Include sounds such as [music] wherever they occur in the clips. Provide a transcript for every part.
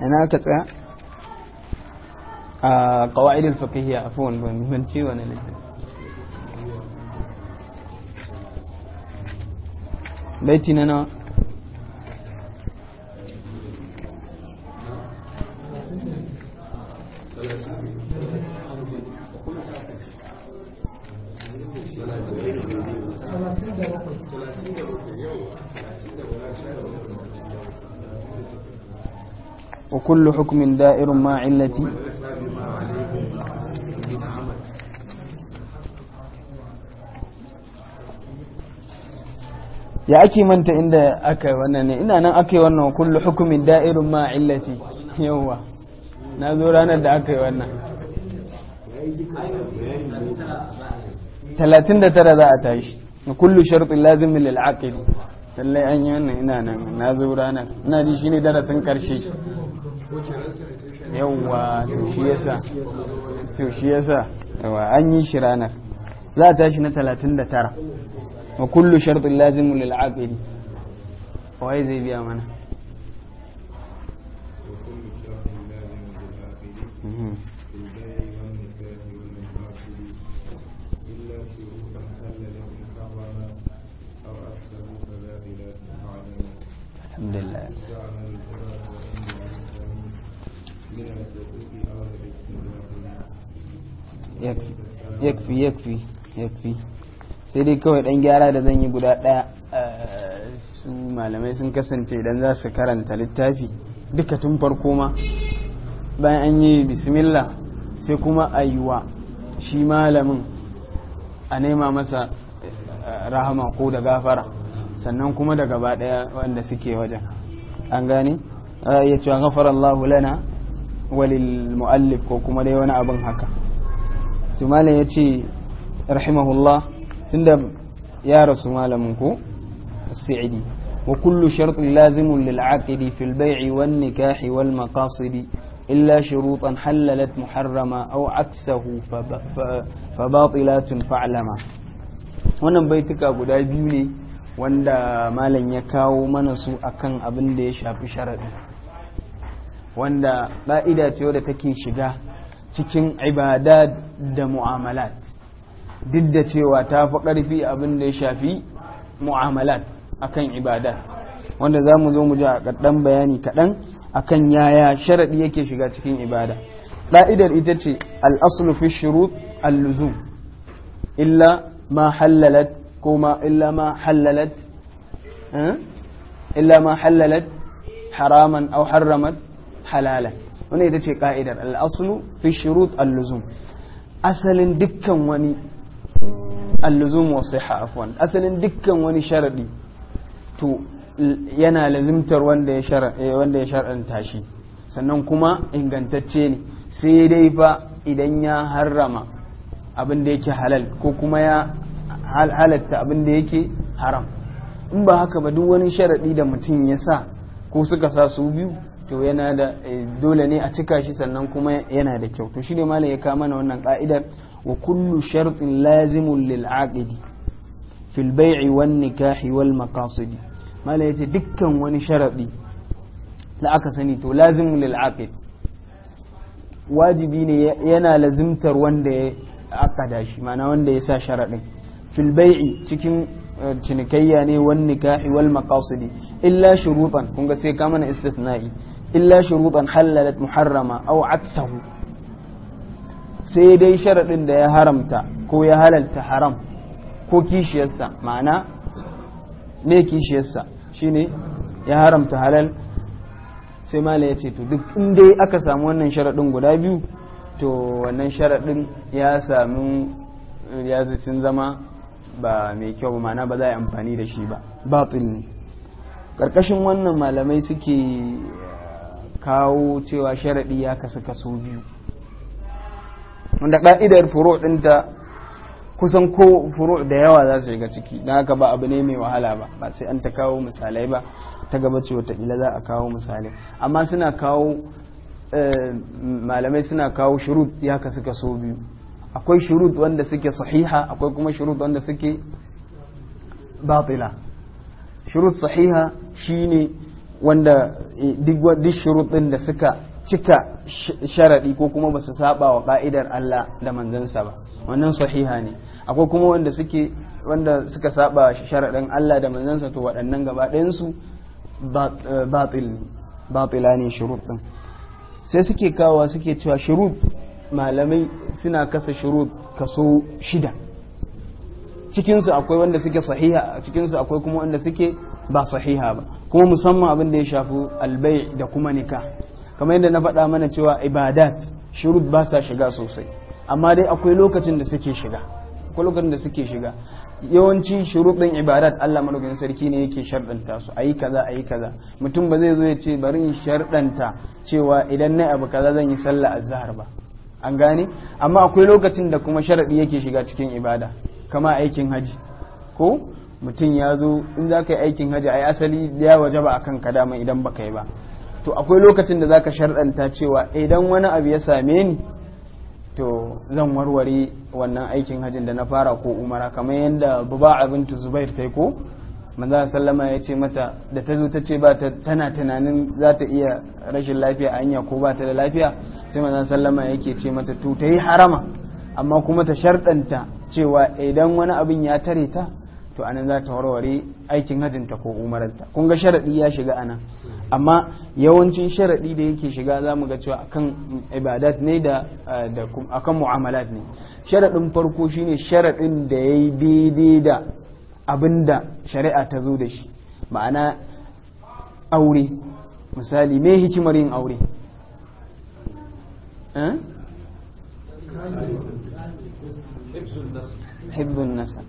ina ka tsaya a kawaidin al a afwan ban ban ci wannan baiti na nawa وكل حكم دائر علتي ya ake manta inda aka wannan ne ina nan aka yi wannan kullu hukumin da'irin ma illati yawwa na zo ranar da aka yi wannan 39 za a tashi kullu sharɗin lazimin lil'aƙil lallai an yi wannan ina na zo ina shi ne darasin ƙarshe yawwa to shi yasa to shi yasa yawa an yi shi ranar za a tashi na 39 wa kullu shartin lazimun lil aqili wai zai biya mana الحمد لله yakfi yakfi yakfi sai dai kawai dan gyara da zan yi guda daya eh, su malamai sun kasance idan za su karanta littafi duka tun farko ma bayan an yi bismillah sai kuma a yi wa shi malamin a nema masa eh, rahama ko da gafara sannan kuma da gaba daya wanda suke wajen an gane ya ce gafara Allah lana walil mu'allif ko kuma dai wani abin haka su malam ya ce rahimahullah tunda ya rasu malamin ko sa'idi wa kullu shartin lazimun lil aqidi fil bai'i wan nikahi wal maqasidi illa shurutan halalat muharrama aw aksahu fa batilatun fa'lama wannan baituka guda biyu ne wanda malam ya kawo mana su akan abin da ya shafi sharadi wanda ba'ida ce wadda take shiga cikin ibada da mu'amalat duk da cewa ta fi ƙarfi abin da ya shafi mu'amalat akan ibada wanda za mu zo mu ji a ƙaddan bayani kaɗan akan yaya sharaɗi yake shiga cikin ibada ɗa'idar ita ce al'aslu fi shurut al-luzum illa ma hallalat ko illa ma hallalat eh? illa ma hallalat haraman aw harramat halalan wannan ita ce ka'idar al'aslu fi shirut al-luzum asalin dukkan wani al-luzum wa sihha asalin dukkan wani sharaɗi to yana lazimtar wanda ya shara eh, shi sannan kuma ingantacce ne sai dai ba idan ya harrama abin da yake halal ko kuma ya halatta abin da yake haram in ba haka ba duk wani sharaɗi da mutum ya sa ko suka sa su biyu to yana da eh, dole ne a cika shi sannan kuma yana da kyau to shine malam ya kama mana wannan ka'idar wa kullu shartin lazimun lil aqidi fil bai'i wan nikahi wal maqasidi malam yace dukkan wani sharadi la aka sani to lazimun lil aqid wajibi ne yana lazimtar wanda ya akada shi mana wanda ya sa sharadin fil bai'i cikin eh, cinikayya ne wan nikahi wal maqasidi illa shurutan kun ga sai ka mana istithna'i illa shuruɗan halalat muharrama au aksahu sai dai sharaɗin da ya haramta ko ya halalta haram ko kishiyarsa ma'ana ne kishiyarsa shine ya haramta halal sai mala ya ce to duk in dai aka samu wannan sharaɗin guda biyu to wannan sharaɗin ya sami ya zicin zama ba mai kyau ba ma'ana ba za a yi amfani da shi ba batil ne ƙarƙashin wannan malamai suke kawo cewa sharaɗi ya kasu kaso biyu wanda ƙa'idar furo ɗinta kusan ko furo da yawa za su shiga ciki don haka ba abu ne mai wahala ba ba sai an ta kawo misalai ba ta gaba ce wataƙila za a kawo misalai amma suna kawo eh, malamai suna kawo shirut ya kasu kaso biyu akwai shirut wanda suke sahiha akwai kuma shirut wanda suke batila shirut sahiha shine wanda eh, duk shuruɗin da suka cika sharaɗi ko kuma ba su saba wa ƙa'idar Allah da manzansa ba wannan sahiha ne akwai kuma wanda suke wanda suka saba sharaɗin Allah da manzansa to waɗannan gaba ɗayansu eh, batila ne shuruɗin sai suke kawo suke cewa shurut malamai suna kasa shurut kaso shida cikinsu akwai wanda suke sahiha cikinsu akwai kuma wanda suke ba sahiha ba kuma musamman abin da ya shafi albai da kuma nika kamar yadda na faɗa mana cewa ibadat shirut ba sa shiga sosai amma dai akwai lokacin da suke shiga akwai lokacin da suke shiga yawanci shurut ɗin ibadat Allah madaukakin sarki ne yake sharɗanta su ayi kaza ayi kaza mutum ba zai zo ya ce bari in sharɗanta cewa idan na abu kaza zan yi sallah azhar ba an gane amma akwai lokacin da kuma sharaɗi yake shiga cikin ibada kama aikin haji ko mutum ya zo in za ka yi aikin hajji a yi asali ya waje ba a kan ka dama idan ba ka yi ba to akwai lokacin da za ka sharɗanta cewa idan wani abu ya same ni to zan warware wannan aikin hajji da na fara ko umara kamar yadda ba abin zubair ta yi ko maza sallama ya ce mata da ta zo ta ce ba ta tana tunanin za ta iya rashin lafiya a hanya ko ba ta da lafiya sai maza sallama yake ce mata to ta yi harama amma kuma ta sharɗanta cewa idan wani abin ya tare ta to anan za ta warware aikin hajinta ko umaranta kun ga sharaɗi ya shiga anan amma yawancin sharaɗi da yake shiga za mu ga cewa akan ibadat ne da akan mu'amalat ne sharaɗin farko shine sharaɗin da ya yi daidai da abin da shari'a ta zo da shi ma'ana aure misali me hikimar yin aure eh? hibbun nasa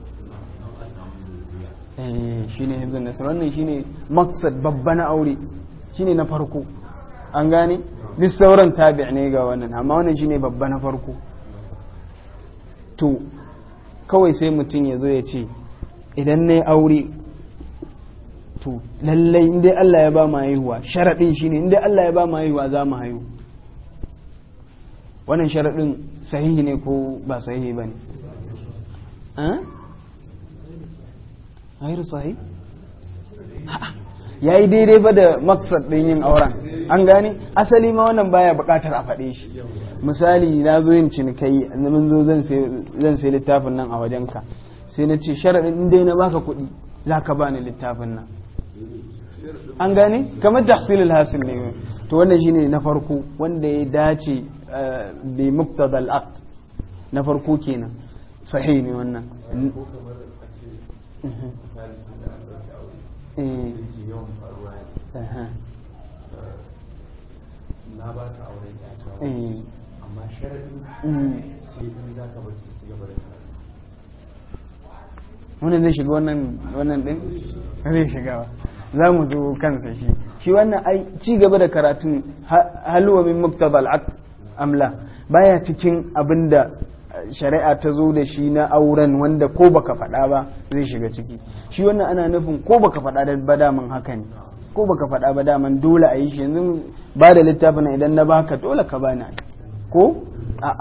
Eh, shine hibzun nasar wannan shine maksad babba na aure shine na farko an gane duk sauran tabi' ne ga wannan amma wannan shine babba na farko to kawai sai mutum ya zo ya ce idan na yi aure to lallai inda Allah ya ba mu haihuwa sharaɗin shi ne inda Allah ya ba mu haihuwa za mu haihu wannan sharaɗin sahihi ne ko ba sahihi ba ne eh? ghairu sahi? ya yi daidai ba da maksad ɗin yin auren an gane asali ma wannan baya buƙatar a faɗe shi misali na zo yin cinikai zo zan sai littafin nan a wajenka sai na ce sharaɗin dai na baka kuɗi za ka ni littafin nan an gane kamar tahsilul hasil ne to wannan ne na farko wanda ya dace mukta eh, muqtadal aqd na farko kenan sahih ne wannan Eh. Eh. Eh, na ba ka auren amma mm. sai in za ka bar gaba da wannan zai shiga wannan wannan din zai shiga ba za mu zo kansa shi shi wannan ai ci gaba da karatun halwa min muktabal amla baya cikin abinda shari'a ta zo da shi na auren wanda ko baka faɗa ba zai shiga ciki shi wannan ana nufin ko baka faɗa ba daman haka ne ko baka faɗa ba daman dole a yi shi yanzu ba da littafin idan na baka dole ka bani ko a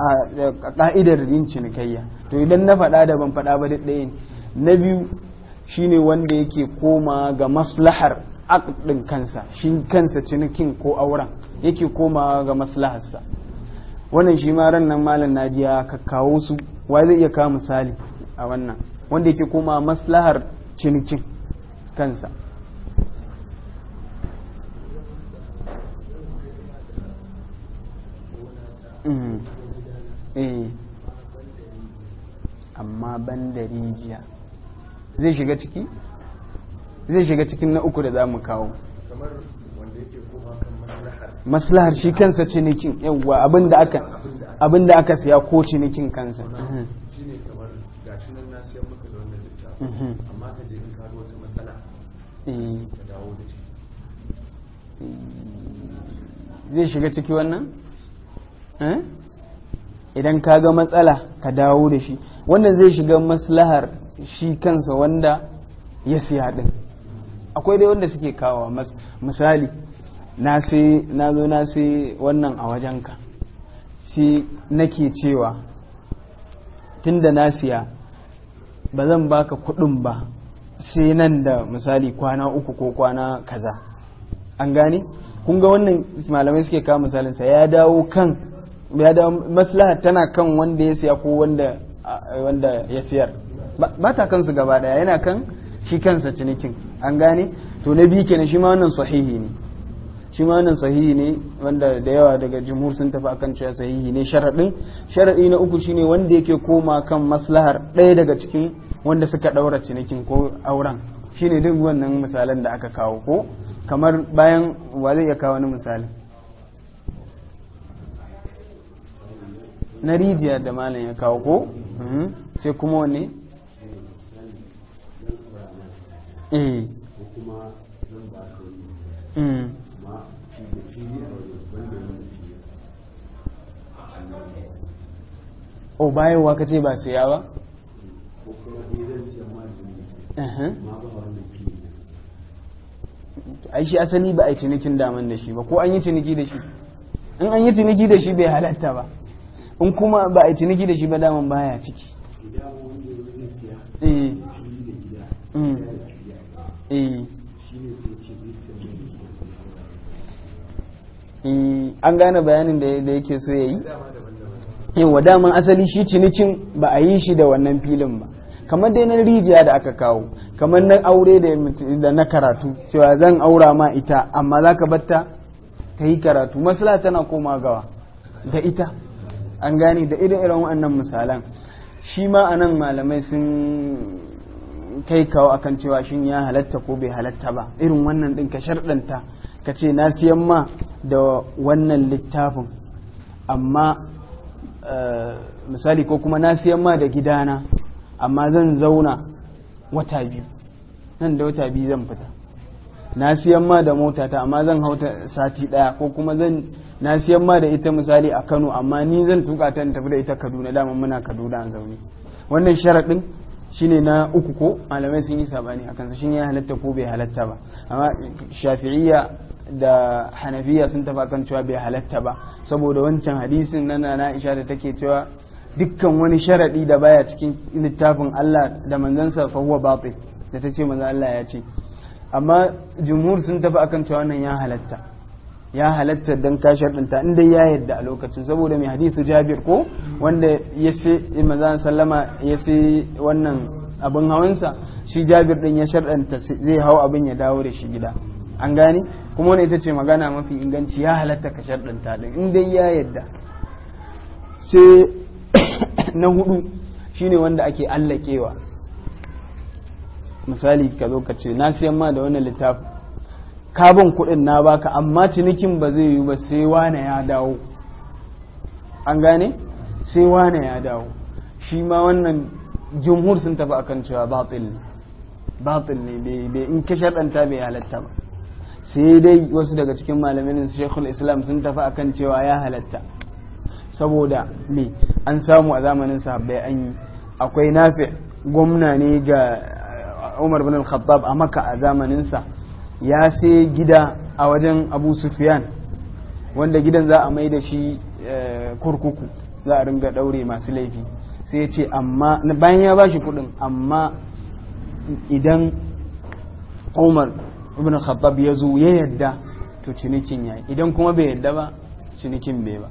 ka'idar yin cinikayya to idan na faɗa da ban faɗa ba ɗaya na biyu shine wanda yake koma ga maslahar akɗin kansa shi kansa cinikin ko auren yake koma ga maslahar sa. wannan shi ma ran nan malam najiya ka kawo su wa zai iya kawo misali a wannan wanda yake koma maslahar cinikin kansa mm-hmm. eh. amma ban da rijiya zai shiga ciki zai shiga cikin na uku da za mu kawo maslahar shi kansa cinikin yawwa abin da aka abinda aka siya ko cinikin kansa shine kamar gashi nan na siya maka da wannan littafin mhm. amma ka je in ka zo wata matsala eh. ka dawo da shi eh. zai shiga ciki wannan eh? idan ka ga matsala ka dawo da shi wannan zai shiga maslahar shi kansa wanda ya siya din akwai dai wanda suke kawo misali na zo na sai wannan a wajenka sai nake cewa tunda na siya ba zan baka kudin ba sai nan da misali kwana uku ko kwana kaza an gane kun ga wannan malamai suke kawo misalinsa ya dawo kan ya dawo maslaha tana kan wanda ya siya ko wanda ya siyar ba ta kansu gaba daya yana kan shi kansa cinikin an gane to na biyu kenan shi ma wannan sahihi ne shi ma nan sahihi ne wanda da yawa daga jumhur sun tafi akan cewa sahihi ne sharaɗin sharaɗi na uku shine wanda yake koma kan maslahar ɗaya daga cikin wanda suka ɗaura cinikin ko auren shine duk wannan misalan da aka kawo ko kamar bayan wa zai iya kawo wani misali na rijiya da malam ya kawo ko mhm. sai kuma wanne eh o bayarwa ka ce ba siya ba ai shi asali ba a yi cinikin daman da shi ba ko an yi ciniki da shi in an yi ciniki da shi bai halatta ba in kuma ba a yi ciniki da shi ba daman baya ciki eh. Mm. Eh. Eh, an gane bayanin da yake so ya yi yawa daman asali shi cinikin ba a yi shi da wannan filin ba kamar dai na rijiya da aka kawo kamar na aure da na karatu cewa zan aura ma ita amma za ka batta ta yi karatu masala tana koma gawa da ita an gane da irin irin wannan misalan shi ma a nan malamai sun kai kawo akan cewa shin ya halatta ko bai halatta ba irin wannan din ka sharɗanta ka ce na siyan ma da wannan littafin amma Eh, misali ko kuma na siyan ma da gidana amma zan zauna wata biyu nan da wata biyu zan fita na siyan ma da motata amma zan hauta sati daya ko kuma zan na siyan ma da ita misali a Kano amma ni zan tuka ta tafi da ita Kaduna dama muna Kaduna an zaune wannan shi shine na uku ko malamai sun yi sabani akan sa ne ya halatta ko bai halatta ba amma Shafi'iyya da hanafiya sun tafi kan cewa bai halatta ba saboda wancan hadisin na na isha da take cewa dukkan wani sharadi da baya cikin littafin Allah da manzansa fa huwa batil da tace manzo Allah ya ce amma jumhur sun tafi akan cewa wannan ya halatta ya halatta dan ka sharɗinta in ya yadda a lokacin saboda mai hadithu Jabir ko wanda ya ce manzo sallama ya ce wannan abin hawansa shi Jabir din ya sharɗanta zai hau abin ya dawo da shi gida an gane kuma wani ita ce magana mafi inganci ya halatta ka sharɗanta ɗin in ya yadda sai [coughs] na hudu shine wanda ake allakewa misali ka zo ka ce na siyan ma da wani littafi kabin kuɗin na baka amma cinikin ba zai yi ba sai wane ya dawo an gane sai wane ya dawo shi ma wannan jumhur sun tafi akan cewa batil ne batil ne bai in ka sharɗanta bai halatta ba sai dai wasu daga cikin malamin su shekul islam sun tafi akan cewa ya halatta saboda me an samu a zamanin sahabbai an yi akwai nafi gwamna ne ga uh, umar bin al-khattab a maka a zamaninsa ya sai gida a wajen abu sufyan wanda gidan za a mai da shi uh, kurkuku za a ringa daure masu laifi sai ya ce amma bayan ya ba shi kudin amma idan umar ibn khattab ya zo ya yadda to cinikin yayi idan kuma bai yadda ba cinikin bai ba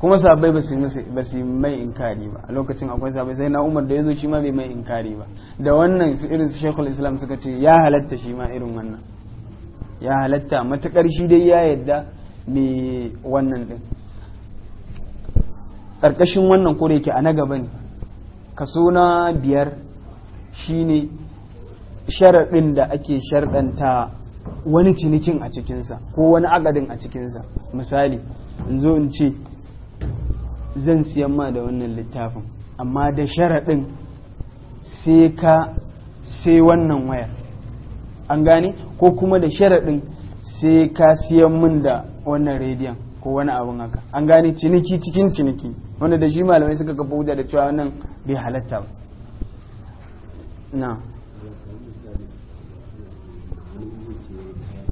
kuma sahabbai ba su ba su mai inkari ba a lokacin akwai sahabbai sai na Umar da zo shi ma bai mai inkari ba da wannan irin su shekul Islam suka ce ya halatta shi ma irin wannan ya halatta matukar shi dai ya yadda me wannan din karkashin wannan ko da yake a na gaba ne kaso na biyar shine sharaɗin da ake sharɗanta wani cinikin a cikinsa ko wani agadin a cikinsa misali in zo in ce zan siyan ma da wannan littafin amma da sharaɗin sai ka sai wannan wayar an gane ko kuma da sharaɗin sai ka siyan min da wannan rediyon ko wani abin haka an gane ciniki cikin ciniki wanda da shi malamai suka kafa hujja da cewa wannan bai halatta ba na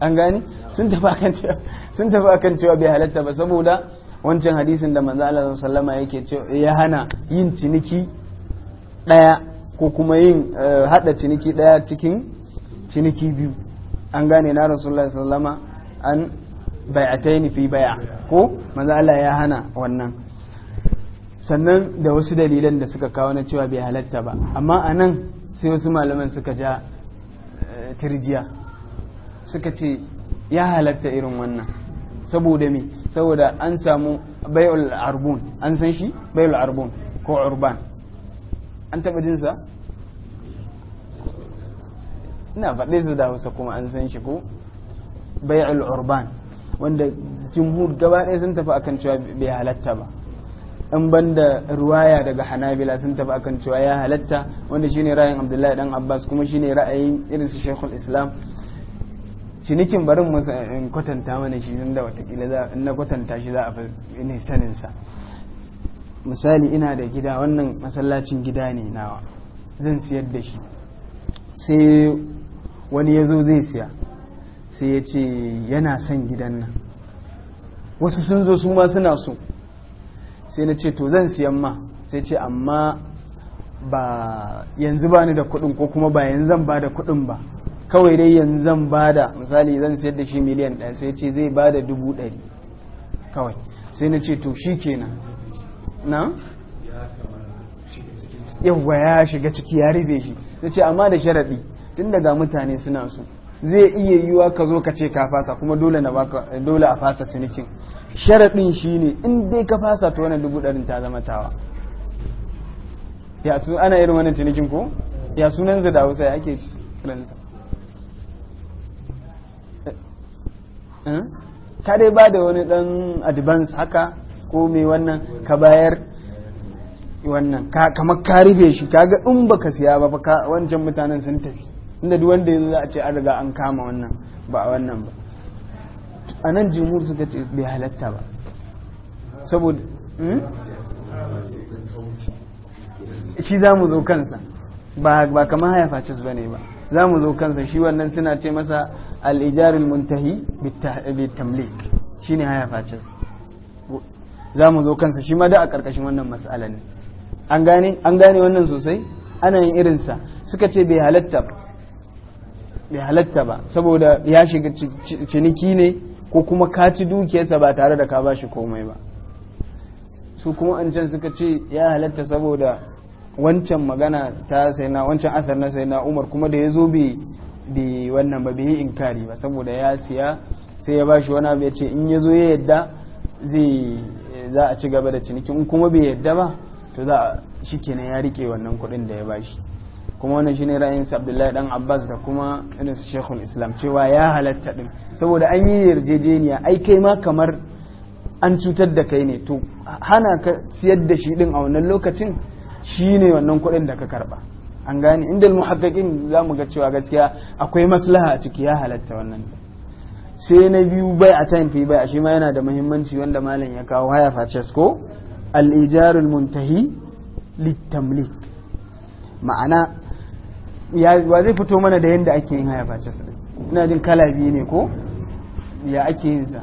an gani sun tafi a kan cewa bai halatta ba saboda wancan hadisin da manzo Allah sallama yake cewa ya hana yin ciniki daya ko kuma yin eh, hada ciniki daya cikin ciniki biyu an gane na rasulullahi sallama an bai'ataini fi baya ko manzo Allah ya hana wannan sannan da wasu dalilan da suka kawo na cewa bai halatta ba amma anan sai wasu malaman suka ja eh, tirjiya suka ce ya halatta irin wannan saboda me saboda an samu bayul arbun an san shi bayul arbun ko urban an taba jinsa ina faɗe su da hausa kuma an san shi ko bayul urban wanda jimhur gaba ɗaya sun tafi akan cewa bai halatta ba in banda ruwaya daga hanabila sun tafi akan cewa ya halatta wanda shine ra'ayin abdullahi dan abbas kuma shine ra'ayin irin su shekul islam cinikin barin in kwatanta mana shi nan da watakila na kwatanta shi za a fi saninsa misali ina da gida wannan masallacin gida ne nawa zan siyar da shi sai wani ya zo zai siya sai ya ce yana son gidan nan wasu sun zo su ma suna so sai na ce to zan siyan ma sai ce amma ba yanzu ba ni da kudin ko kuma ba yanzu zan ba da kudin ba kawai dai yanzu zan da misali zan sayar da shi miliyan ɗaya sai ce zai ba da dubu ɗari kawai sai na ce to shi kenan na yawwa ya shiga ciki ya rufe shi na ce amma da sharaɗi tun daga mutane suna su zai iya yiwuwa ka zo ka ce ka fasa kuma dole na baka dole a fasa cinikin sharaɗin shine in dai ka fasa to wani dubu ɗarin ta zama tawa ya su ana irin wannan cinikin ko ya sunan da hausa ya ake kiransa Eh? kare ba da wani dan advance haka ko me wannan ka bayar wannan kamar ka rufe shi kaga in baka siya ba ka wancan mutanen sun tafi inda duk wanda yanzu za a ce an riga an kama wannan ba wannan ba a nan jimur suka ce bai halatta ba saboda hmm? shi za mu zo kansa ba kamar haya ba ne ba za mu zo kansa shi wannan suna ce masa al'ijarin muntahi bitamlik shi ne haya facis za mu zo kansa shi ma da a ƙarƙashin wannan matsalan an gane wannan sosai ana yin irinsa suka ce bai halatta ba saboda ya shiga ciniki ne ko kuma ka dukiyarsa ba tare da ka ba shi komai ba su kuma an can suka ce ya halatta saboda wancan magana ta sai na wancan asar na sai na umar kuma da ya zo bi wannan ba yi inkari ba saboda ya siya sai ya bashi wani abu ya ce in ya zo ya yadda zai za a ci gaba da ciniki in kuma bai yadda ba to za shi kenan ya rike wannan kuɗin da ya bashi kuma wannan shine ra'ayin sa Abdullahi dan Abbas da kuma irin su Sheikhul Islam cewa ya halatta din saboda an yi yarjejeniya ai kai ma kamar an cutar da kai ne to hana ka siyar da shi din a wannan lokacin shi ne wannan kuɗin da ka karɓa an gane inda muhakkakin za mu ga cewa gaskiya akwai maslaha a ciki ya halatta wannan sai na biyu bai a time bai a shi ma yana da muhimmanci wanda malam ya kawo haya faces ko al muntahi litamlik ma'ana wa zai fito mana da yadda ake yin haya faces ina jin kala biyu ne ko ya ake yin sa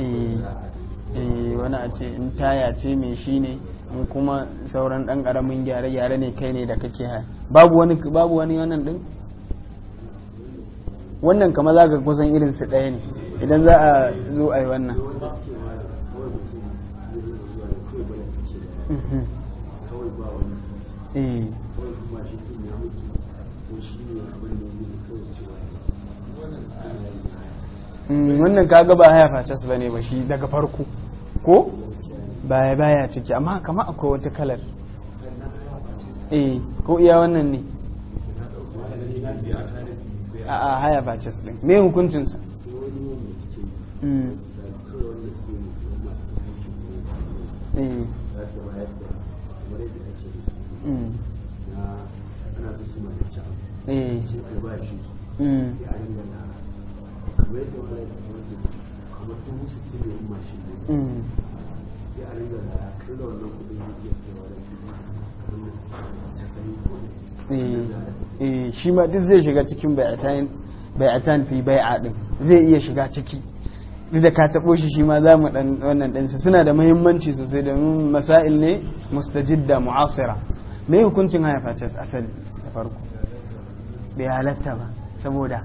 Eh, eh, wani a ce in taya ce mai shi ne in kuma sauran dan karamin gyare-gyare ne kai ne da kake haya babu wani babu wani wannan din wannan kama za ka kusan irin su ɗaya ne idan za a zo a yi wannan eh. Mm, wannan kaga ba haya facas bane ba shi daga farko ko baya baya ciki amma kama akwai wata kalar eh ko iya wannan ne a a haya facas din me hukuncin sa mm. eh, mm. eh. ana Mm. Eh, eh, shi ma duk zai shiga cikin bai'atan fi bai'a din zai iya shiga ciki duk da ka taɓo shi shi ma za mu ɗan wannan ɗansa suna da muhimmanci sosai domin masail ne mustajidda mu'asira mai hukuncin haya asali da farko bai halatta ba saboda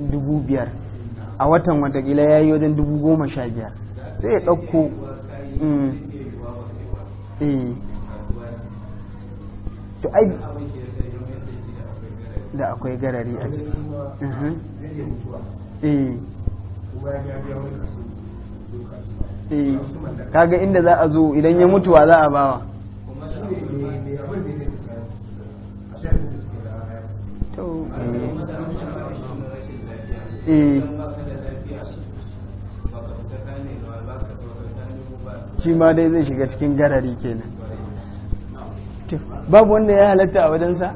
dubu biyar a watan watakila ya yi wajen dubu goma sha biyar sai ya ɗauko mm, eh. da akwai garari a ciki mhm. eh. Eh. kaga inda za a zo idan ya mutuwa za a bawa to Eh. shi ma dai zai shiga cikin garari kenan babu wanda ya halatta a wajensa?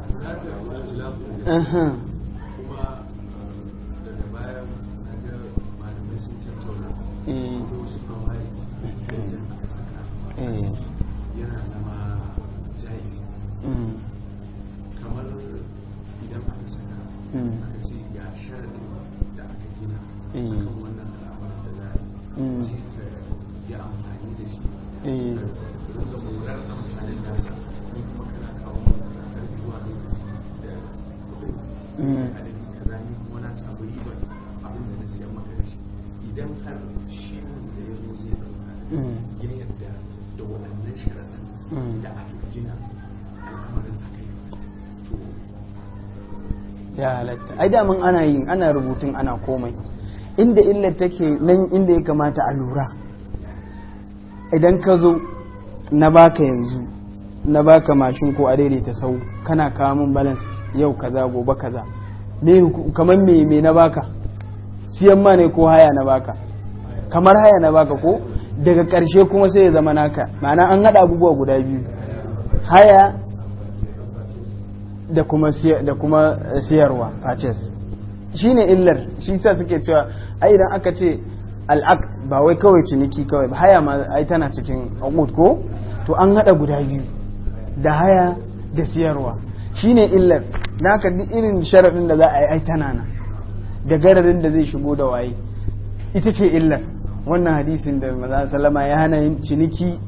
ai daman ana yin ana rubutun ana komai inda illar take nan inda ya kamata a lura idan ka zo na baka yanzu na baka mashin ko a daidaita sau kana kawo min balance yau kaza gobe kaza me kamar me me na baka siyan ma ne ko haya na baka kamar haya na baka ko daga karshe kuma sai ya zama naka ma'ana an haɗa abubuwa guda biyu haya da kuma da kuma eh, siyarwa purchase shine illar shi sa suke cewa ai idan aka ce al'aqd ba wai kawai ciniki kawai ba haya ma ai tana cikin uqud ko to an hada guda biyu da haya da siyarwa shine illar naka duk irin sharadin da za a yi ai tana na da gararin da zai shigo da waye ita ce illar wannan hadisin da maza sallama ya hana yin ciniki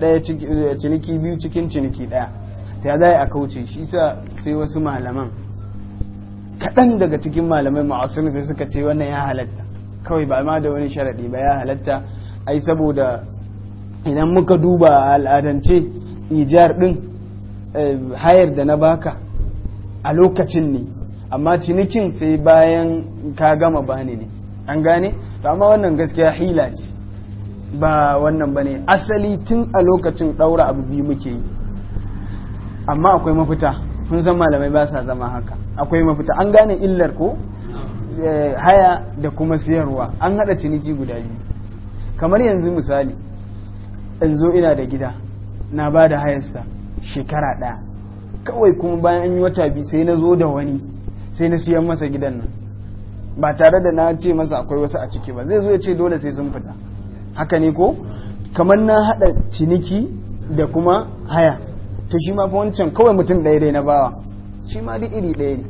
daya eh, ciniki biyu cikin ciniki daya ta za a kauce shi sa sai wasu malaman kaɗan daga cikin malamai masu sai suka ce wannan ya halatta kawai ba ma da wani sharaɗi ba ya halatta ai saboda idan muka duba al'adance ijar ɗin eh, hayar da na baka a lokacin ne amma cinikin sai bayan ka gama bani ne an gane to amma wannan gaskiya hila ce ba wannan ba ne asali tun a lokacin ɗaura abu biyu muke yi amma akwai mafita sun san malamai ba sa zama haka akwai mafita an gane illar ko eh, haya da kuma siyarwa an hada ciniki guda biyu kamar yanzu misali in ina da gida na ba da hayarsa shekara ɗaya kawai kuma bayan an yi wata biyu sai na zo da wani sai na siyan masa gidan nan ba tare da na ce masa akwai wasu a ciki ba zai zo ya ce dole sai sun fita haka ne ko kamar na hada ciniki da kuma haya to shi ma fa wancan kawai mutum ɗaya dai na bawa shi ma duk iri ɗaya ne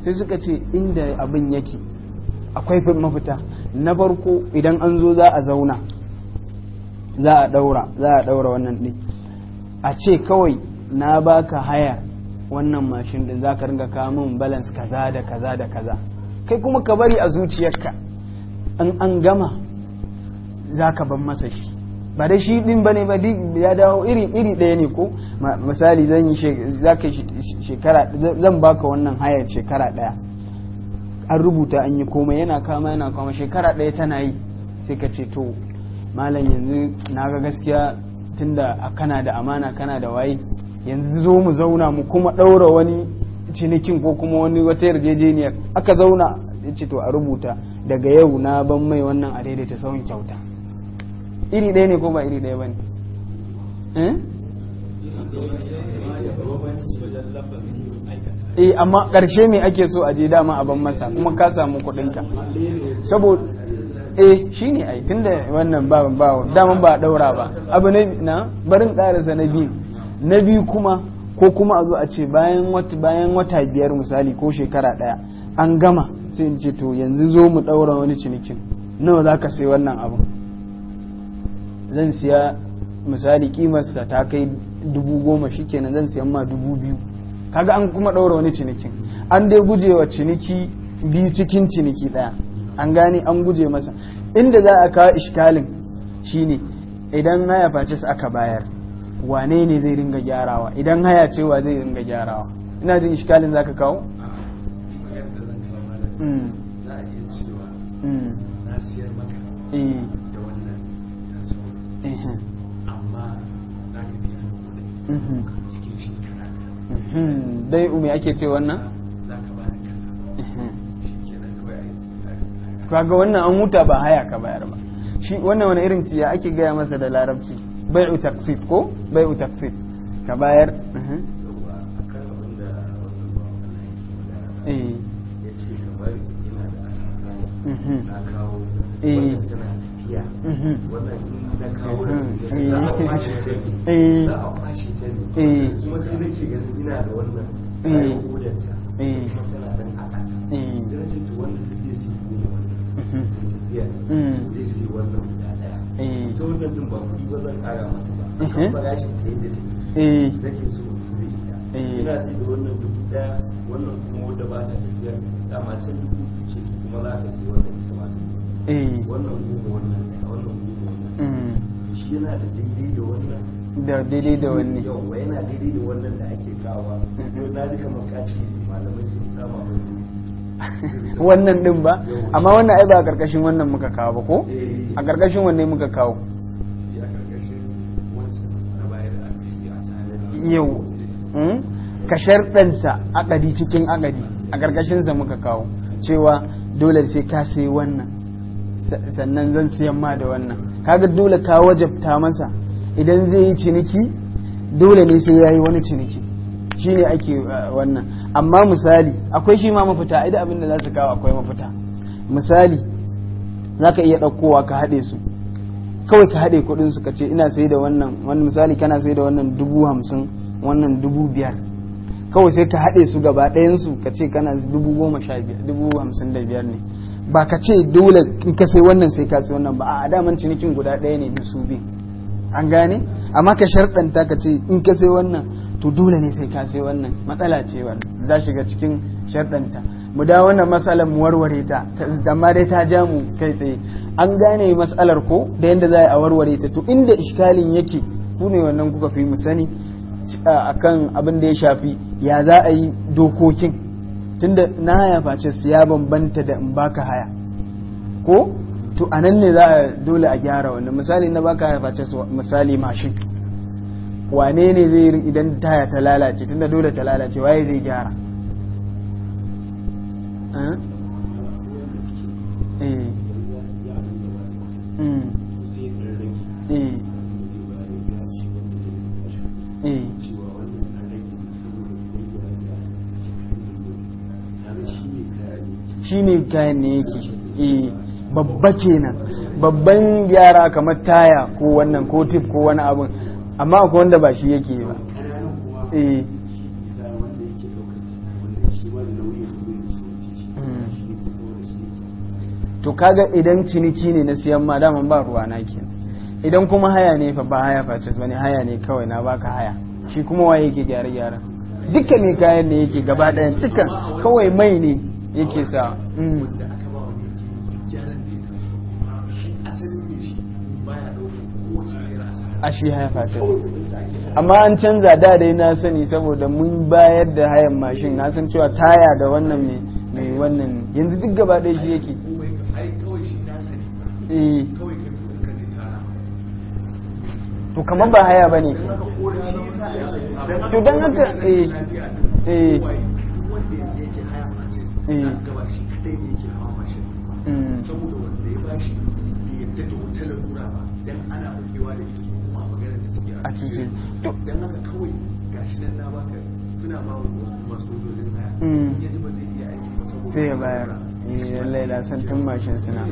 sai suka ce inda abin yake akwai mafita na farko idan an zo za a zauna za a ɗaura za a ɗaura wannan ɗin a ce kawai na baka haya wannan mashin ɗin za ka ringa kamun balance kaza da kaza da kaza kai kuma ka bari a zuciyarka in an gama za ka ban masa shi ba da shi din bane ba ya dawo iri iri ɗaya ne ko misali zan yi shekara zan baka wannan hayar shekara ɗaya an rubuta an yi komai yana kama yana kama shekara ɗaya tana yi sai ka ce to malam yanzu na ga gaskiya tunda kana da amana kana da waye yanzu zo mu zauna mu kuma ɗaura wani cinikin ko kuma wani wata yarjejeniyar aka zauna ya ce to a rubuta daga yau na ban mai wannan a daidaita sauyin kyauta iri ɗaya ne ko ba iri ɗaya ba ne eh? Eh, amma ƙarshe me ake so a je dama a ban masa kuma ka samu kuɗinka saboda eh shi ne ai tunda wannan ba bawa dama ba daura ba abu na na barin ƙarasa na biyu na biyu kuma ko kuma a zo a ce bayan wata bayan wata biyar misali ko shekara ɗaya an gama sai in ce to yanzu zo mu ɗaura wani cinikin nawa za ka sai wannan abin zan siya misali kimarsa ta kai dubu goma shi kenan zan siyan ma dubu biyu kaga an kuma ɗaura wani cinikin an dai gujewa ciniki biyu cikin ciniki ɗaya an gane an guje masa inda za a kawo ishkalin shine idan haya facis aka bayar wane ne zai ringa gyarawa idan haya cewa zai ringa gyarawa ina jin ishkalin za ka kawo mm. mm. na Mm-hmm. dai umi ake ce wannan mm-hmm. ka wannan an huta ba haya ka bayar ba shi wannan wani irin ciya ake gaya masa da larabci bai taqsid ko bai taqsid ka bayar mm-hmm. eh na kawo eh. Eh. kuma sai nake ganin ina da wannan eh. kayan kodanta eh. kuma tana dan a ƙasa sai ce to wannan zai si ne wannan tafiya mhm. zai si mm. wannan guda ɗaya ta wannan din ba kuɗi ba zan ƙara mata ba kan farashin ta yadda take nake so su da ita ina si da wannan dubu ɗaya wannan kuma wanda ba ta tafiya da can dubu ce kuma za ka si wannan ita ma wannan goma wannan ɗaya wannan goma wannan mm. shi yana da daidai da wannan da daidai da wannan daidai da wannan da ake kawo yau na malamai sun saba mai [laughs] wannan din ba amma wannan ai ba a karkashin wannan muka kawo ba ko eh. a karkashin wannan muka kawo yau hmm? ka sharɗanta akadi cikin akadi a karkashinsa muka kawo cewa dole sai ka sai wannan sannan zan siyan ma da wannan kaga dole ka wajabta masa idan zai yi ciniki dole ne sai ya yi wani ciniki shi ne ake uh, wannan amma misali akwai shi ma mafita idan abin da za su kawo akwai mafita misali za ka iya ɗaukowa ka haɗe su kawai ka haɗe kuɗin su ka ce ina sai da wannan wani misali kana sai da wannan dubu hamsin wannan dubu biyar kawai sai ka haɗe su gaba ɗayansu ka ce kana dubu goma sha biyar dubu hamsin da biyar ne ba ka ce dole in ka sai wannan sai ka sai wannan ba a daman cinikin guda ɗaya ne su biyu an gane amma ka sharɗanta ka ce in ka sai wannan to dole ne sai ka sai wannan matsala ce wannan za shiga cikin sharɗanta mu da wannan matsalar mu warware ta amma dai ta ja mu kai tsaye an gane matsalar ko da yadda za a warware ta to inda iskalin yake ku ne wannan kuka fi mu sani akan abin da ya shafi ya za a yi dokokin tunda na haya face su ya bambanta da in baka haya ko to a nan ne za a dole a gyara wannan misali na baka ya face misali mashin wane ne zai yi idan taya ta lalace tunda dole ta lalace waye zai gyara eh? Eh. Hmm. Eh. shi ne kayan ne yake babba kenan babban gyara kamar taya ko wannan ko tip ko wani abin amma akwai wanda ba shi yake ba eh. to kaga idan ciniki ne na siyan ma daman ba ruwa na ke idan kuma haya ne fa ba haya facis bane haya ne kawai na baka haya shi kuma waye yake gyara gyara duka ne kayan ne yake gaba ɗayan duka kawai mai ne yake sa a shi haya facin amma an canza da dai na sani saboda mun bayar da hayan mashin na san cewa taya da wannan mai wannan yanzu duk gaba ɗaya shi yake to kamar ba haya ba ne to don haka eh eh don haka kawai gashi nan na baka suna ba masu dojin haya hmm. yanzu ba zai iya aiki ba saboda sai ya bayar eh, lallai da san tun mashin suna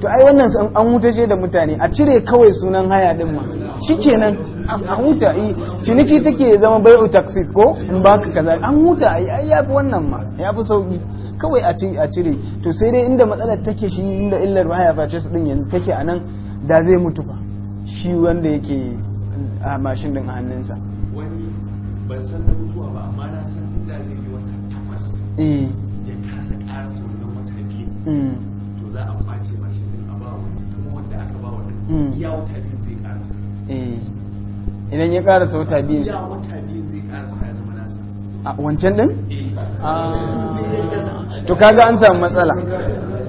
to ai wannan an huta ce da mutane a cire kawai sunan haya din ma shi kenan a huta yi eh, ciniki take zama bai bai'u taxis ko in baka kaza an huta ai ai yafi wannan ma yafi sauki kawai a cire to sai dai inda matsalar take shi inda illar haya face su din yanzu take anan da zai mutu fa shi wanda yake a mashin din hannunsa wani ban san da mutuwa ba amma na san inda zai yi wata takwas eh. ya kasa ƙara sauran wata biyu to za a kwace mashin din a ba wani kuma wanda aka ba wani mm. ya wata biyu zai ƙarasa eh. idan ya ƙarasa wata biyu ya wata biyu zai ƙarasa ya zama nasa a wancan din? Eh. Ah. to kaga an samu matsala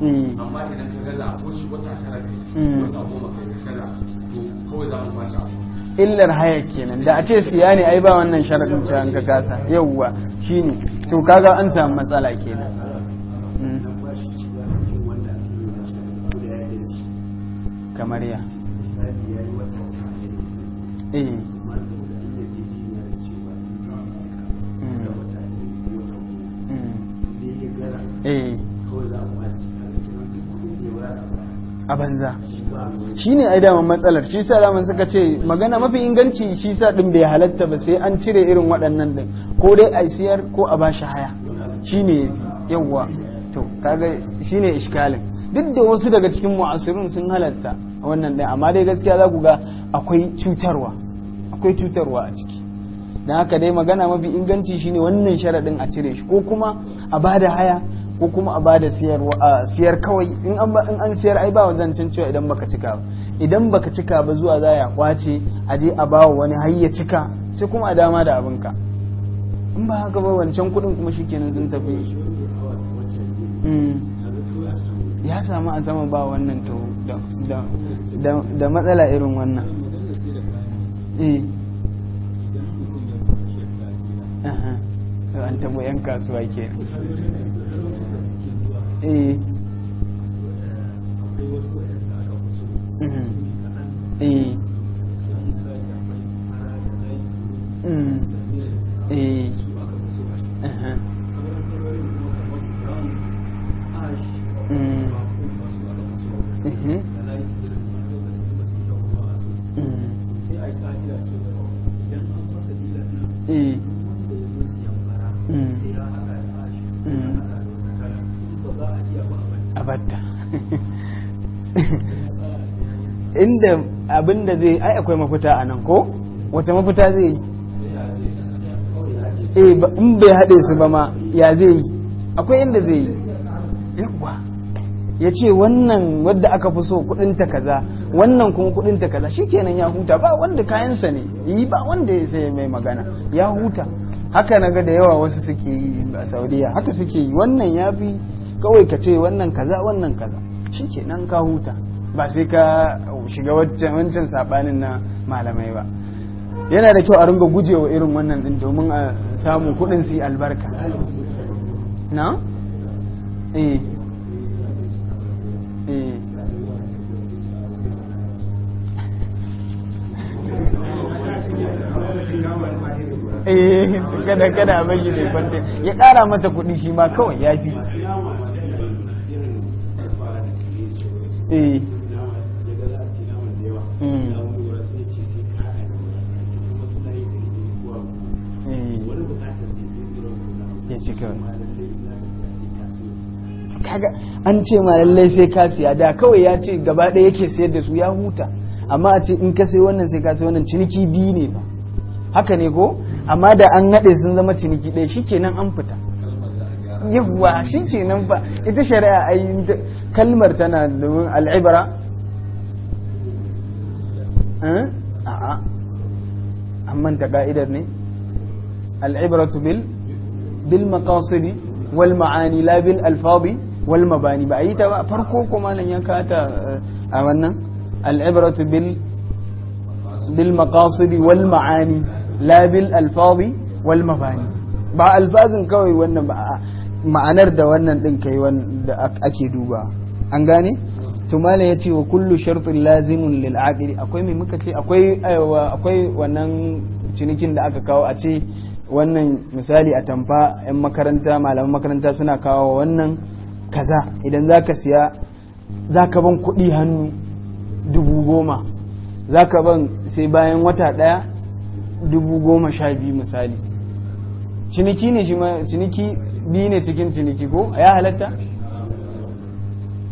Mm. amma idan ka gaza ko shi wata ne mm. wata goma kai ka gaza to kawai za mu fasa illar haya kenan da a ce siya ne ai ba wannan sharadin sai an ka kasa yawwa shine to kaga an samu matsala kenan mm. kamar ya eh eh a banza shi ne ai daman matsalar shi sa daman suka ce magana mafi inganci shi sa ɗin bai halatta ba sai an cire irin waɗannan ɗin ko dai a siyar ko a bashi haya shi ne yawwa to kaga shi ne iskalin duk da wasu daga cikin mu'asirin sun halatta wannan ɗin amma dai gaskiya za ku ga akwai cutarwa a ciki don haka dai magana mafi inganci shine wannan sharaɗin a cire shi ko kuma a ba da haya ko kuma a bada siyar kawai in an in an siyar ai ba zancen cewa idan baka cika ba idan baka cika ba zuwa za ya kwace a je a bawa wani har ya cika sai kuma a dama da abinka in ba haka ba wancan kudin kuma shikenan sun tafi hmm. ya samu a sama ba wannan to da matsala irin wannan eh. an tabo 'yan kasuwa ke eh hatta inda da zai ai akwai mafita a nan ko wace mafita zai yi eh, in bai haɗe su ba ma ya zai yi akwai inda zai yi yawwa ya ce wannan wadda aka fi so kudinta kaza wannan kuma kudinta kaza shikenan ya huta ba wanda kayansa ne yi ba wanda ya sai mai magana ya huta haka na ga da yawa wasu suke yi a saudiya haka suke yi wannan ya fi kawai ka ce wannan kaza wannan kaza shi ke nan ka huta ba sai ka shiga wancan sabanin na malamai ba yana da kyau a ringa gujewa irin wannan ɗin domin a samu kudin su yi albarka na? eh eh eh [laughs] kada kada a bashi da ya kara mata kudi shi ma kawai ya fi Eh. Hmm. Eh. kaga an ce ma lallai sai ka siya da kawai ya ce gaba ɗaya yake sayar da su ya huta amma a ce in ka sai wannan sai ka sai wannan ciniki biyu ne ba haka ne ko amma da an haɗe sun zama ciniki ɗaya shi kenan an fita yawwa kenan fa ita shari'a ayi kalmar tana domin al'ibra eh? a'a ne al'ibratu bil bil wal ma'ani la bil alfabi wal mabani ba yi ta ba farko kuma nan ya kata eh, a wannan al'ibratu bil bil wal ma'ani la bil alfabi wal mabani ba alfazin kawai wannan ba ma'anar da wannan din kai wanda ake duba an gane tumala ya ce wa kullu shartin lazimun lil akwai mai muka ce akwai akwai wannan cinikin da aka kawo a ce wannan misali a tamfa yan makaranta malaman makaranta suna kawo wannan kaza idan za ka siya za ka ban kuɗi hannu dubu goma za ka ban sai bayan wata ɗaya dubu goma sha biyu misali ciniki ne shi ciniki biyu ne cikin ciniki ko ya halatta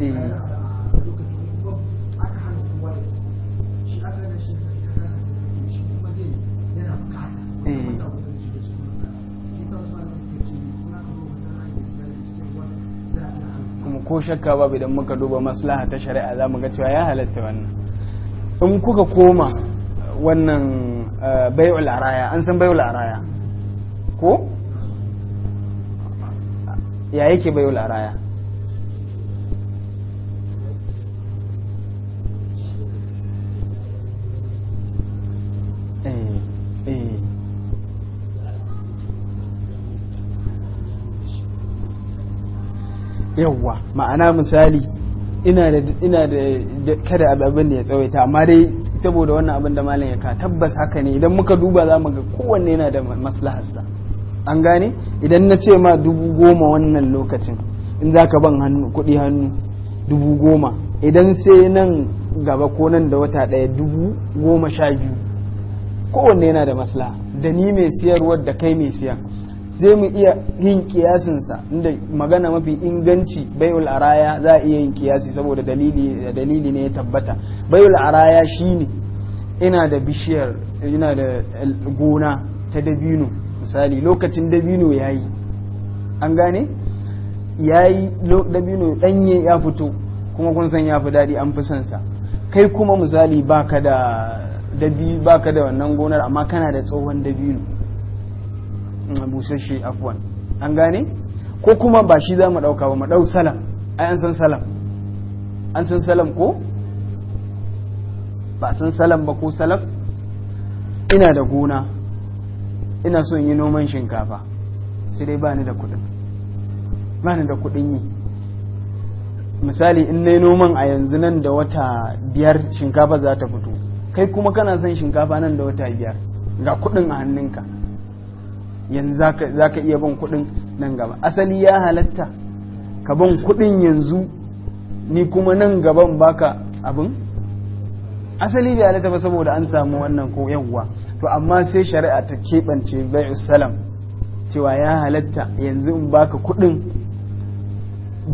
Eh. kuma ko shakka babu idan muka duba maslaha ta shari'a za mu ga cewa ya halatta wannan in kuka koma wannan eh, bai'ul araya an san bai'ul araya ko ya yake bai'ul araya yawwa ma'ana misali ina da ina da kada abin da ya tsawaita amma dai saboda wannan abin da malam ya ka tabbas haka ne idan muka duba za mu ga kowanne yana da maslaharsa an gane idan na ce ma dubu goma wannan lokacin in za ka ban hannu kuɗi hannu dubu goma idan sai nan gaba ko nan da wata ɗaya dubu goma sha biyu kowanne yana da maslaha da ni mai siyarwar da kai mai siyan zai mu iya yin kiyasinsa inda magana mafi inganci bayul araya za a iya yin kiyasi saboda dalili dalili ne ya tabbata bai'ul araya shine ina da bishiyar ina da gona ta dabino misali lokacin dabino yayi an gane yayi dabino danye ya fito kuma kun san ya fi daɗi an fi son sa kai kuma misali baka da dabi baka da wannan gonar amma kana da tsohon dabino busasshe afwan an gane ko kuma ba shi za mu ɗauka ba mu ɗau salam ai an san salam an san salam ko ba san salam ba ko salaf ina da gona ina son yi noman shinkafa sai dai ba ni da kuɗin ba ni da kuɗin yi misali in na noman a yanzu nan da wata biyar shinkafa za ta fito kai kuma kana son shinkafa nan da wata biyar ga kuɗin a hannunka yanzu za ka iya ban kuɗin nan gaba asali ya halatta ka ban kuɗin yanzu ni kuma nan gaban baka abin asali bai halatta ba saboda an samu wannan ko yawwa to amma sai shari'a ta keɓance bai'u salam cewa ya halatta yanzu in baka kuɗin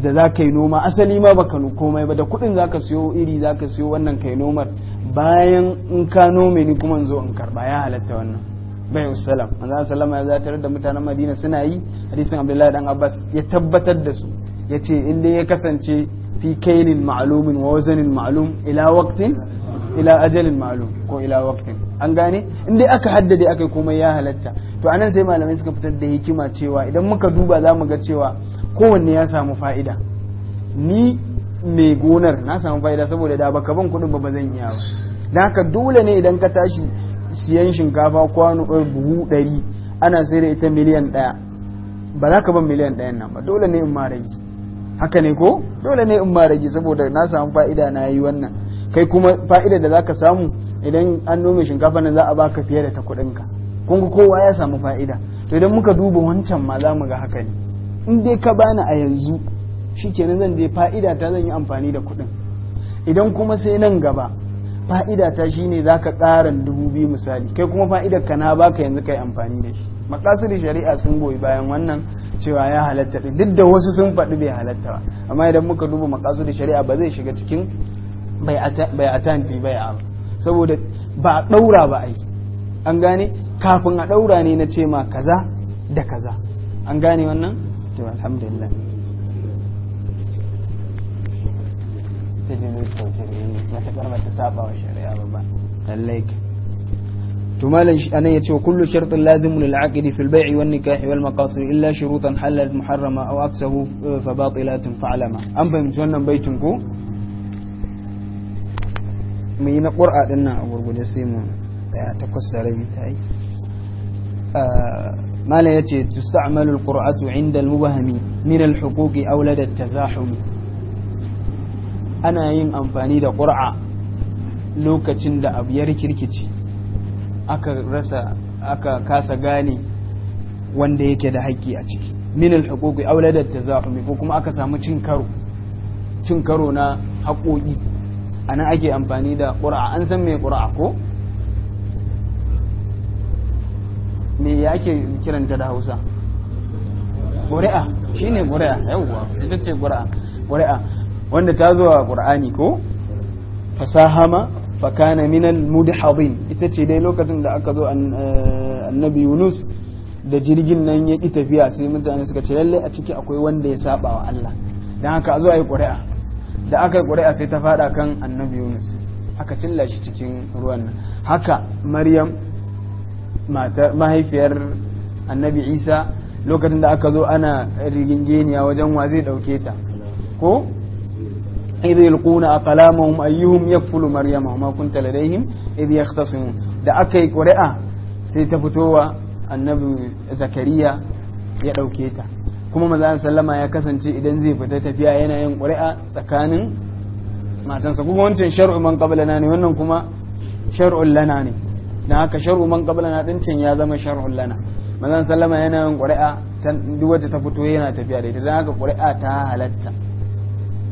da za ka yi noma asali ma baka komai ba da kuɗin za ka siyo iri za ka siyo wannan kai nomar bayan in ka nome ni kuma in zo in karba ya halatta wannan bayu salam ya zatar da mutanen Madina suna yi hadisin Abdullahi dan Abbas ya tabbatar da su ya ce inda ya kasance fi kainin ma'alumin wa wazanin ma'alum ila waktin ila ajalin ma'alum ko ila waktin an gane in aka haddade aka komai ya halatta to anan sai malamai suka fitar da hikima cewa idan muka duba za mu ga cewa kowanne ya samu fa'ida ni mai gonar na samu fa'ida saboda da baka ban kuɗin ba ba zan iya ba da haka dole ne idan ka tashi siyan shinkafa kwano eh, buhu ɗari ana sai da ita miliyan ɗaya ba za ka ban miliyan ɗayan nan ba dole ne in ma rage haka ne ko dole ne in ma rage saboda na samu fa'ida na yi wannan kai kuma fa'ida da za ka samu idan an nome shinkafa nan za a baka fiye da ta ka kun kowa ya samu fa'ida to idan muka duba wancan ma za mu ga haka ne in dai ka bani a yanzu shikenan zan je fa'ida ta zan yi amfani da kuɗin idan kuma sai nan gaba fa'ida ta za ka ƙaran dubu biyu misali kai kuma fa'idar ka na baka yanzu ka yi amfani da shi makasudin shari'a sun goyi bayan wannan cewa ya halatta din duk da wasu sun faɗi bai halatta ba amma idan muka duba makasudin shari'a ba zai shiga cikin bai a tanfi bai a saboda ba a ɗaura ba yi an gane kafin a ɗaura ne na ce ma kaza da kaza an gane wannan to alhamdulillah ثمالا أن يتشو كل شرط لازم للعقد في البيع والنكاح والمقاصد إلا شروطا حلت محرمة أو أكسه آه، فباطلات فعلما أم بهم جنن بيتم كو مين قرأة لنا أقول قد تقص علي بتاي آه، ما لا يتشو تستعمل القرأة عند المبهم من الحقوق أو لدى التزاحم ana yin amfani da ƙura lokacin da abu ya rikirkici aka rasa aka kasa gane wanda yake da haƙƙi a ciki minal haƙoƙi auladar ta za'umi ko kuma aka samu cin karo cin karo na haƙoƙi a ake amfani da ƙura an san mai ƙura ko me ya ke kiranta da hausa ƙuri'a shi ne ƙuri'a yauwa ita ce ƙuri'a ƙuri'a wanda ta zo a ƙur'ani ko fasahama fakana minal mudhadin ita ce dai lokacin da aka zo eh, annabi yunus da jirgin nan ya ƙi tafiya sai mutane suka ce lallai a ciki akwai wanda ya saba wa Allah don haka a zo a yi ƙuri'a da aka yi ƙuri'a sai ta faɗa kan annabi yunus aka cilla shi cikin ruwan nan haka maryam mahaifiyar annabi isa lokacin da aka zo ana rigingeniya wajen wa zai ɗauke ta ko إذ يلقون أقلامهم أيهم يكفل مريم وما كنت لديهم إذ يختصمون da aka yi ƙuri'a sai ta fitowa zakariya ya ɗauketa ta kuma maza sallama ya kasance idan zai fita tafiya yana yin tsakanin matansa kuma wancan shar'u man ne wannan kuma shar'un lana ne dan haka shar'u man qablana ya zama shar'un lana maza sallama yana yin ƙuri'a duk ta fito yana tafiya da haka kuri'a ta halatta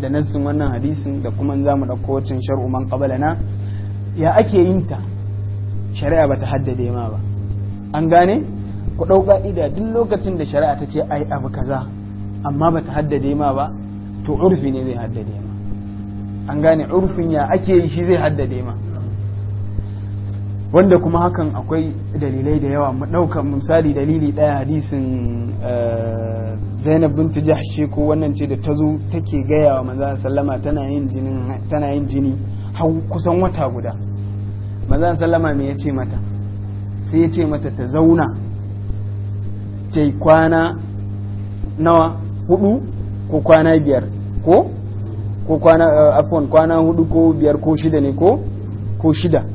da nassin wannan hadisin da kuma za mu ɗauko wacin shar'u man qabalana ya ake yin ta shari'a ba ta haddade ma ba an gane ku ɗau ƙa'ida duk lokacin da shari'a ta ce ai abu kaza amma ba ta haddade ma ba to urfi ne zai haddade ma an gane urfin ya ake yi shi zai haddade ma wanda kuma hakan akwai dalilai da yawa mu ɗauka misali dalili ɗaya hadisin eh, zainab bint jahshi ko wannan ce da tazo take gaya wa manzo sallama tana yin jini har kusan wata guda manzo sallama me ya ce mata sai ya mata ta zauna tai kwana nawa hudu ko kwana biyar ko ko kwana eh, afwan kwana hudu ko biyar ko shida ne ko ko shida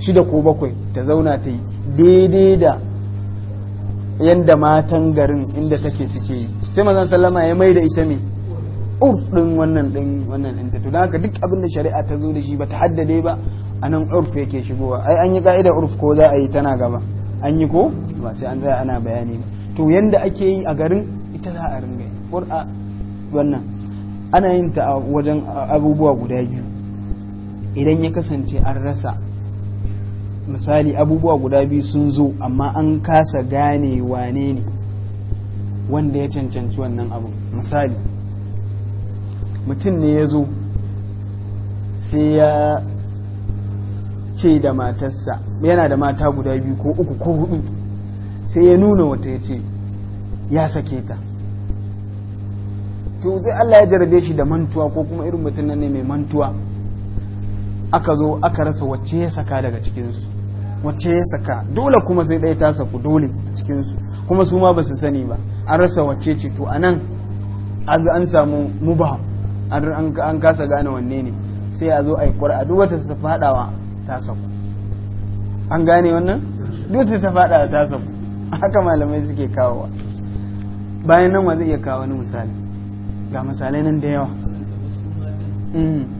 shida ko bakwai ta zauna ta yi daidai da yadda matan garin inda take suke yi sai mazan sallama ya mai da ita mai urf din wannan din wannan din to haka duk abin da shari'a ta zo da shi ba ta haddade ba a nan urf yake shigowa ai an yi ka'idar urf ko za a yi tana gaba an yi ko ba sai an tsaya ana bayani ba to yanda ake yi a garin ita za a ringa yi wannan ana yin ta a wajen abubuwa guda biyu idan ya kasance an rasa misali abubuwa guda biyu sun zo amma an kasa gane wane ne wanda ya cancanci wannan abu misali mutum ne ya zo sai ya ce da matarsa yana da mata guda biyu ko uku ko hudu sai ya nuna wata ya ce ya sake ta to sai Allah ya jarabe shi da mantuwa ko kuma irin mutum nan ne mai mantuwa aka zo aka rasa wacce ya saka daga cikinsu wacce ya saka dole kuma sai ɗaya ta saku dole cikinsu kuma su ma ba su sani ba an rasa wacce ce to a nan an samu muba an kasa gane wanne ne sai a zo a yi ƙwar'a duk wata ta faɗawa ta saku an gane wannan duk wata ta faɗawa ta saku haka malamai suke kawowa bayan nan wa zai iya kawo wani misali ga misalai nan da yawa hmm.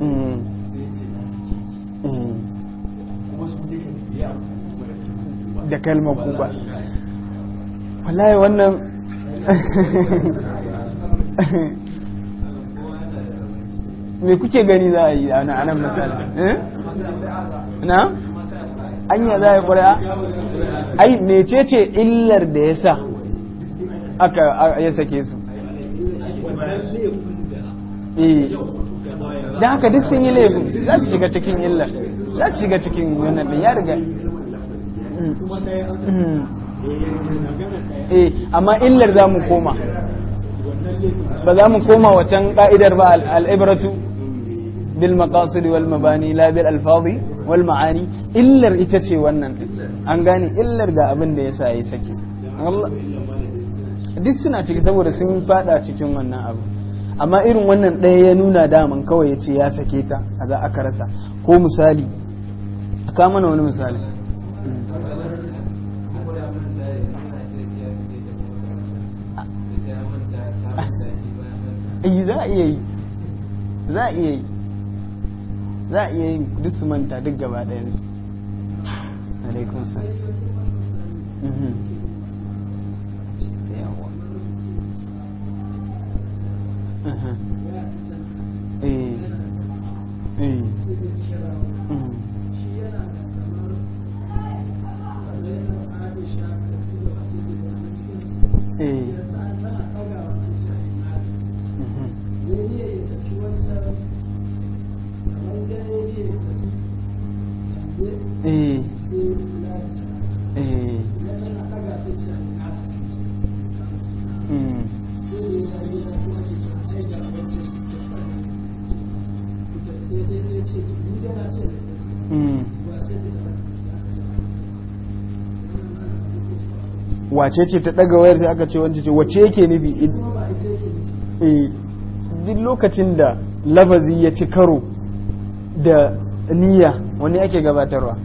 Mm. Mm. da kalmar kuba wallahi wannan [laughs] me kuke gani za a yi a nan misali eh? na anya za a yi ƙuri'a ai mecece illar da ya sa aka ya sake su eh. da haka duk sun yi laifin za su shiga cikin illa za su shiga cikin wannan da ya riga mm. Mm. eh amma illar za mu koma ba za mu koma wacan ka'idar ba al'ibratu bil maqasid wal mabani la bil alfazi wal ma'ani illar ita ce wannan an gane illar ga abin da yasa yayi saki duk suna ciki saboda sun fada cikin wannan abu amma irin wannan ɗaya ya nuna daman kawai ya ce ya sake ta a za aka rasa ko misali ka mana wani misali eh, za a iya yi za a iya yi za a iya yi duk su manta duk gaba ɗaya su alaikun salam mhm. wace ce ta daga wayar sai aka ce wance ce wace yake nufi eh, duk lokacin da lafazi ya ci karo da niyya wani ake gabatarwa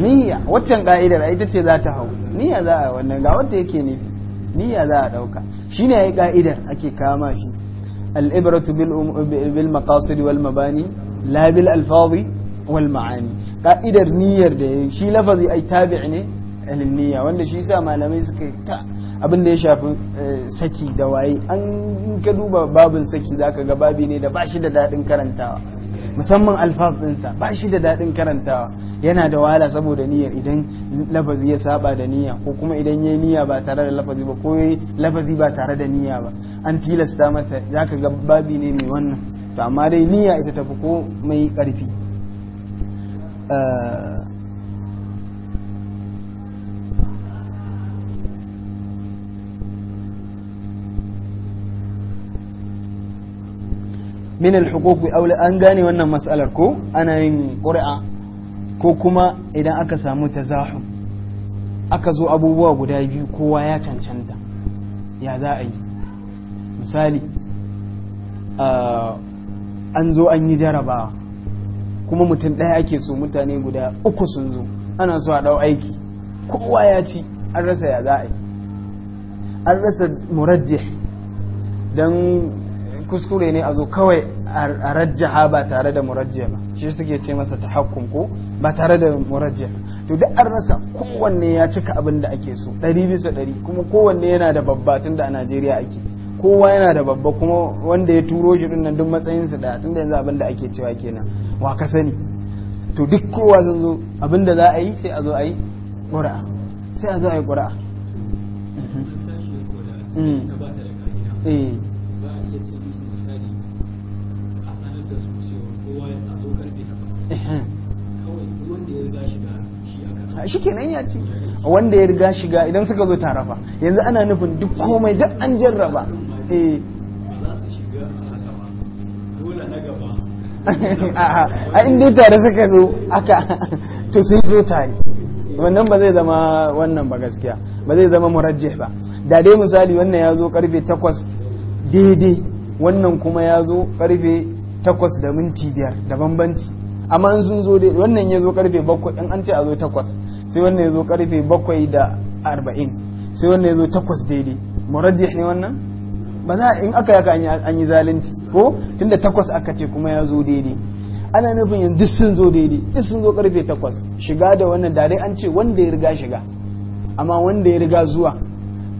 niyya waccan ka'idar ita ce za ta hau niyya za a wannan ga wanda yake nufi niyya za a dauka shine yayi ka'idar ake kama shi al-ibratu um, bil maqasid wal mabani la bil alfazi wal ma'ani ka'idar niyyar da shi lafazi ai tabi'i ne ilmiya wanda shi sa malamai suka ta abin da ya shafi eh, saki da waye an ka duba babin saki ka ga babi ne da bashi da daɗin karantawa musamman alfaz ɗinsa da daɗin karantawa yana da wahala saboda niyyar idan lafazi ya saba da niyya ko kuma idan ya niyya ba tare da lafazi ba ko lafazi ba tare da niyya ba an tilasta masa zaka ga babi ne mai wannan to amma dai niyya ita tafi ko mai ƙarfi eh, min al-huquq aula an gane wannan mas'alar ko ana yin qur'a ko kuma idan aka samu tazahum aka zo abubuwa guda biyu kowa ya cancanta ya za a yi misali ah, an zo an yi jarabawa kuma mutum ɗaya ake so mutane guda uku sun zo ana so a ɗau aiki kowa ya ci an rasa ya za a yi an rasa murajjih don kuskure ne a zo kawai a rajjaha ba tare da murajjiya ba shi suke ce masa tahakkum ko ba tare da murajjiya to duk an rasa kowanne ya cika abin da ake so ɗari bisa ɗari kuma kowanne yana da babba tun da a Najeriya ake kowa yana da babba kuma wanda ya turo shi ɗin nan duk matsayinsa da tun da yanzu abin da ake cewa kenan wa ka sani to duk kowa zan zo abin da za a yi sai a zo a yi ƙura'a sai a zo a yi ƙura'a mm. eh. shi kenan ya ci wanda ya riga shiga idan suka zo tarafa yanzu ana nufin duk komai duk an jarraba eh a [laughs] inda tare suka zo aka [laughs] to sun zo tare wannan ba zai zama wannan ba gaskiya ba zai zama murajjih ba da dai misali wannan ya zo karfe 8 daidai wannan kuma ya zo karfe 8 da minti 5 da bambanci amma in sun zo dai wannan ya zo karfe bakwai in an ce a zo takwas sai wannan ya zo karfe bakwai da arba'in sai wannan ya zo takwas daidai murajjih ne wannan ba za in aka yaka an yi zalunci ko tunda takwas aka ce kuma ya zo daidai ana nufin yanzu sun zo daidai in sun zo karfe takwas shiga da wannan da dai an ce wanda ya riga shiga amma wanda ya riga zuwa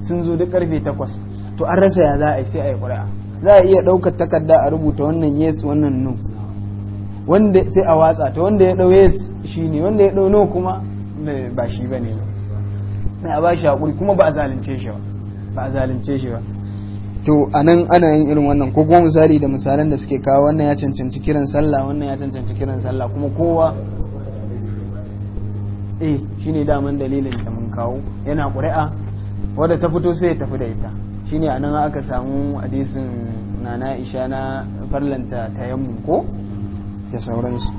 sun zo da karfe takwas to an rasa ya za a yi sai a yi ƙuri'a za a iya ɗaukar takarda a rubuta wannan yes wannan no wanda sai a watsa ta wanda ya ɗauye shi ne wanda ya ɗauno kuma ba shi ba ne na a ba shi haƙuri kuma ba a zalunce shi ba ba a zalunce shi ba to a nan ana yin irin wannan ko kuma misali da misalan da suke kawo wannan ya cancanci kiran sallah wannan ya cancanci kiran sallah kuma kowa eh ne daman dalilin da mun kawo yana ƙuri'a wadda ta fito sai ya tafi da ita shine nan aka samu hadisin nana isha na farlanta tayammum ko da sauransu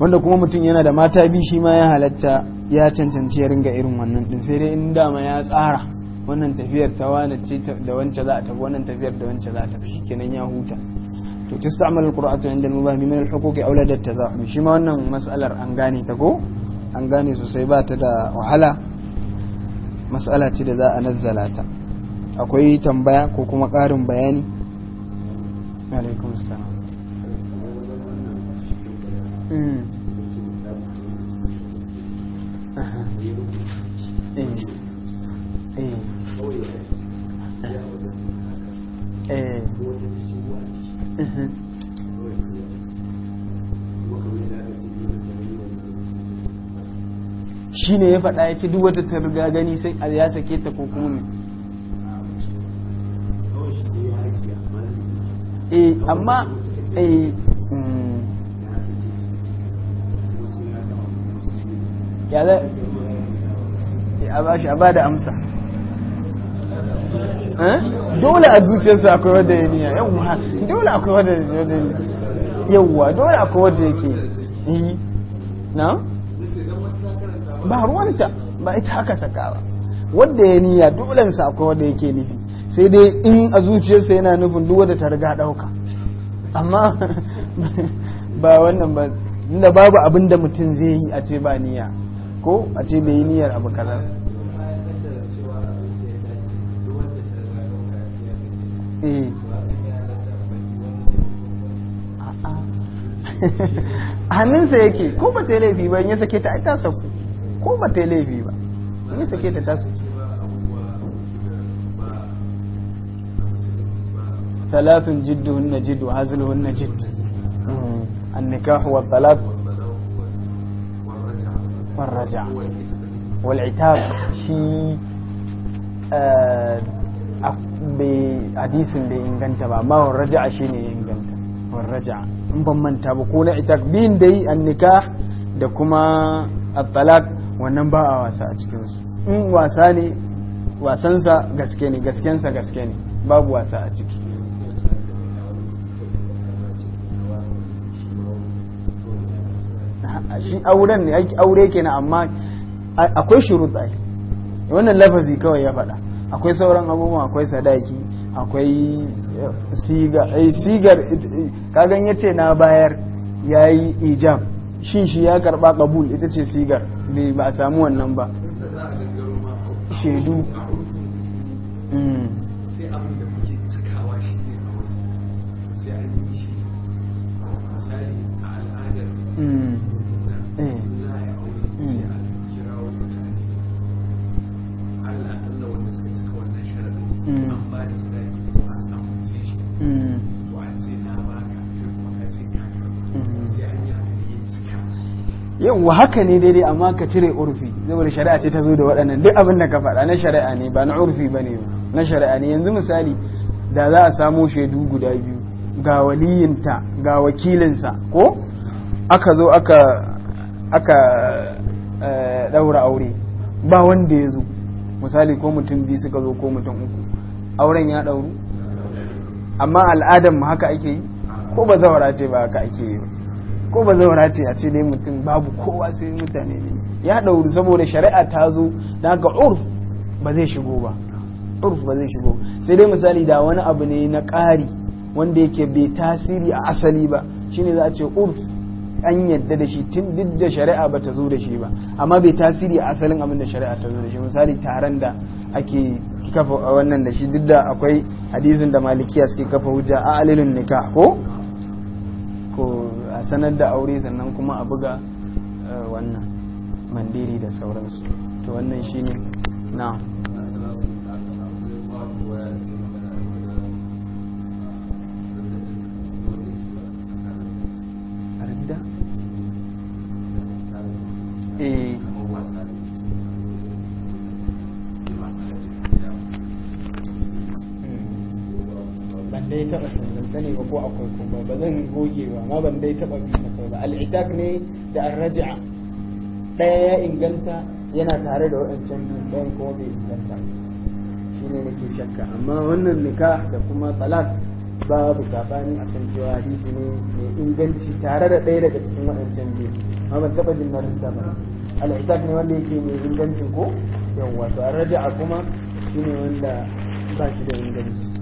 wanda kuma mutum yana da mata bi shi ma ya halatta ya cancanci ya ringa irin wannan din sai dai in dama ya tsara wannan tafiyar ta wani ce da wancan za a tafi wannan tafiyar da wancan za a tafi shikenan ya huta to tasta'mal alqur'atu inda al-mubahi min al-huquqi aula da tazahum shi ma wannan mas'alar an gane ta ko an gane sosai ba ta da wahala mas'ala ce da za a nazzala ta akwai tambaya ko kuma ƙarin bayani alaikum salam shi ne ya faɗa ya ci duk wata targa gani sai a ya sake ta ko kuma eh amma eh mm. ya a ba shi a ba da amsa eh? dole a zuciyarsa akwai wadda ya niya yawwa dole akwai wadda ya niya yawwa dole akwai wadda ke yi na ba ruwanta ba ita haka sakawa ba wadda ya niya sa akwai wadda ke nufi sai dai in a zuciyarsa yana nufin duk wadda ta riga ɗauka amma [laughs] ba wannan ba inda babu abin da mutum zai yi a ce ba niya ko a ce bai yi niyyar abu kaza eh. [laughs] hannunsa yake ko ba ta yi laifi ba ya sake ta a ta sauku ko ba ta yi laifi ba ya sake ta ta jiddu ثلاث hunna jiddu an جد wa والطلاق farraja wal'itab shi hadisin da inganta ba ma warraja shi ne inganta warraja in ban manta ba ko na itak biyun dai annika da kuma attalak wannan ba a wasa a cikinsu in wasa ne gaske ne gaskensa gaske ne babu wasa a ciki shi auren ne aure kenan amma akwai shurut wannan lafazi kawai ya faɗa akwai sauran abubuwa akwai sadaki akwai eh, siga ai eh, sigar kagan yace na bayar yayi ijab shin shi ya karba kabul ita ce sigar bai ba a samu wannan ba shaidu Mm. yauwa haka ne daidai amma ka cire urfi saboda shari'a ce ta zo da waɗannan duk abin da ka faɗa na shari'a ne ba na urfi ba ne na shari'a ne yanzu misali da za a samo shaidu guda biyu ga waliyinta ga wakilinsa ko aka zo aka eh, ɗaura aure ba wanda ya zo misali ko mutum biyu suka zo ko mutum uku auren ya ɗauru amma al'adar mu haka ake yi ko ba zawara ce ba haka ake yi ko ba zaura ce a ce dai mutum babu kowa sai mutane ne ya ɗauri saboda shari'a ta zo da haka urf ba zai shigo ba urf ba zai shigo sai dai misali da wani abu ne na ƙari wanda yake bai tasiri a asali ba shine za a ce urf an yadda da shi tun duk da shari'a ba ta zo da shi ba amma bai tasiri a asalin abin da shari'a ta zo da shi misali taron da ake kafa wannan da shi duk da akwai hadisin da malikiya suke kafa hujja a alilun nikah ko a sanar da aure sannan kuma a buga eh, wannan mandiri da sauransu to wannan shine na sani ba ko akwai kuma ba zan goge ba ma ban dai taba bi kai ba al-itaq ne da ar-raj'a daya ya inganta yana tare da waɗancan biyu dan ko bai inganta shine nake shakka amma wannan nikah da kuma talak babu sabani kan cewa hadisi ne mai inganci tare da ɗaya daga cikin waɗancan biyu ma ban taba jin ta ba al-itaq ne wanda yake mai ingancin ko yawa to ar-raj'a kuma shine wanda ba shi da inganci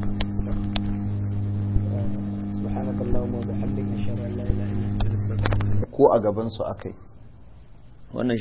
ko a gaban su akai wannan